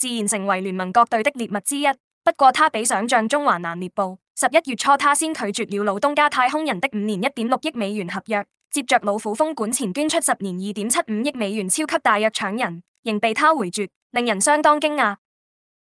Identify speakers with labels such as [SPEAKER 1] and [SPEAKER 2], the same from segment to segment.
[SPEAKER 1] 自然成為聯盟各隊的獵物之一。不過他比想象中還難獵捕。十一月初，他先拒絕了老東家太空人的五年一點六億美元合約，接着老虎封管前捐出十年二點七五億美元超級大約搶人，仍被他回絕，令人相當驚訝。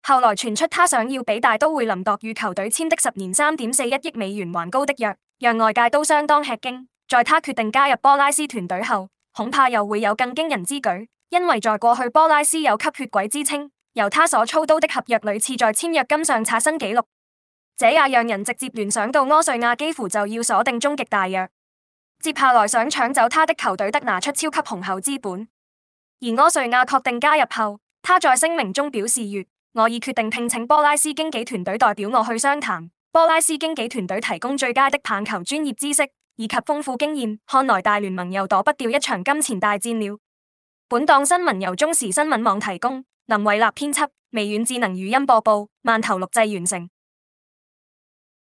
[SPEAKER 1] 後來傳出他想要比大都會林度與球隊簽的十年三點四一億美元還高的約，讓外界都相當吃驚。在他決定加入波拉斯團隊後，恐怕又會有更驚人之舉，因為在過去波拉斯有吸血鬼之稱。由他所操刀的合約屢次在簽約金上刷新紀錄，這也讓人直接聯想到柯瑞亞幾乎就要鎖定終極大約。接下來想搶走他的球隊，得拿出超級雄厚，厚資本。而柯瑞亞確定加入後，他在聲明中表示：月，我已決定聘請波拉斯經紀團隊代表我去商談。波拉斯經紀團隊提供最佳的棒球專業知識以及豐富經驗。看來大聯盟又躲不掉一場金錢大戰了。本檔新聞由中時新聞網提供。林偉立編輯，微軟智能語音播報，饅頭錄製完成。